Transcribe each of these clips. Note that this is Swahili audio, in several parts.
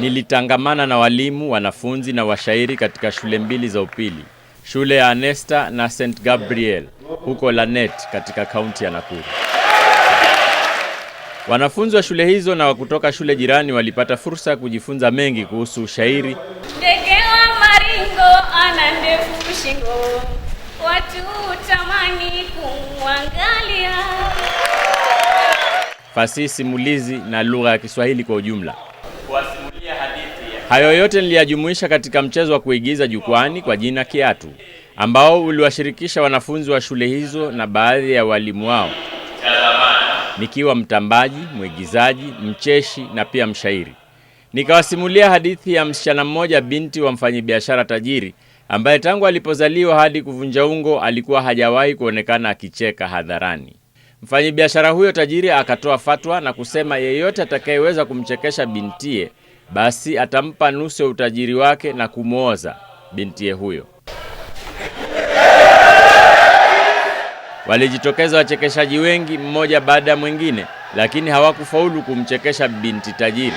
Nilitangamana na walimu, wanafunzi na washairi katika shule mbili za upili, shule ya Anesta na St Gabriel huko Lanet katika kaunti ya Nakuru. Wanafunzi wa shule hizo na wa kutoka shule jirani walipata fursa ya kujifunza mengi kuhusu ushairi. Ndege wa maringo ana ndefu shingo, watu hutamani kumwangalia, fasihi simulizi na lugha ya Kiswahili kwa ujumla. Hayo yote niliyajumuisha katika mchezo wa kuigiza jukwani kwa jina Kiatu, ambao uliwashirikisha wanafunzi wa shule hizo na baadhi ya walimu wao, nikiwa mtambaji, mwigizaji, mcheshi na pia mshairi. Nikawasimulia hadithi ya msichana mmoja, binti wa mfanyabiashara tajiri ambaye tangu alipozaliwa hadi kuvunja ungo alikuwa hajawahi kuonekana akicheka hadharani. Mfanyabiashara huyo tajiri akatoa fatwa na kusema yeyote atakayeweza kumchekesha bintie basi atampa nusu ya utajiri wake na kumwoza bintiye huyo. Walijitokeza wachekeshaji wengi mmoja baada ya mwingine, lakini hawakufaulu kumchekesha binti tajiri.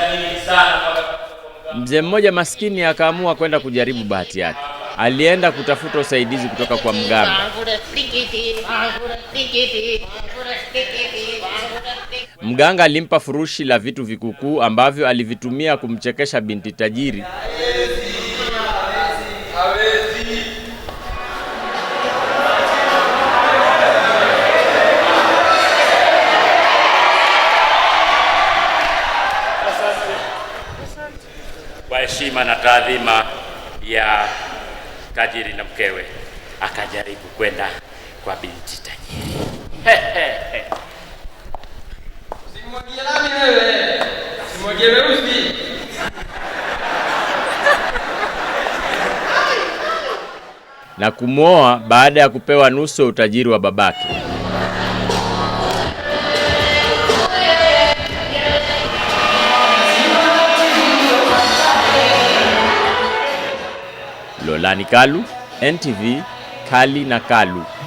Mzee mmoja maskini akaamua kwenda kujaribu bahati yake. Alienda kutafuta usaidizi kutoka kwa mganga. Mganga alimpa furushi la vitu vikukuu ambavyo alivitumia kumchekesha binti tajiri. heshima na taadhima ya tajiri na mkewe, akajaribu kwenda kwa binti tajiri. lami wewe, weusi. na kumwoa baada ya kupewa nusu ya utajiri wa babake. Lani Kalu, NTV, Kali na Kalu.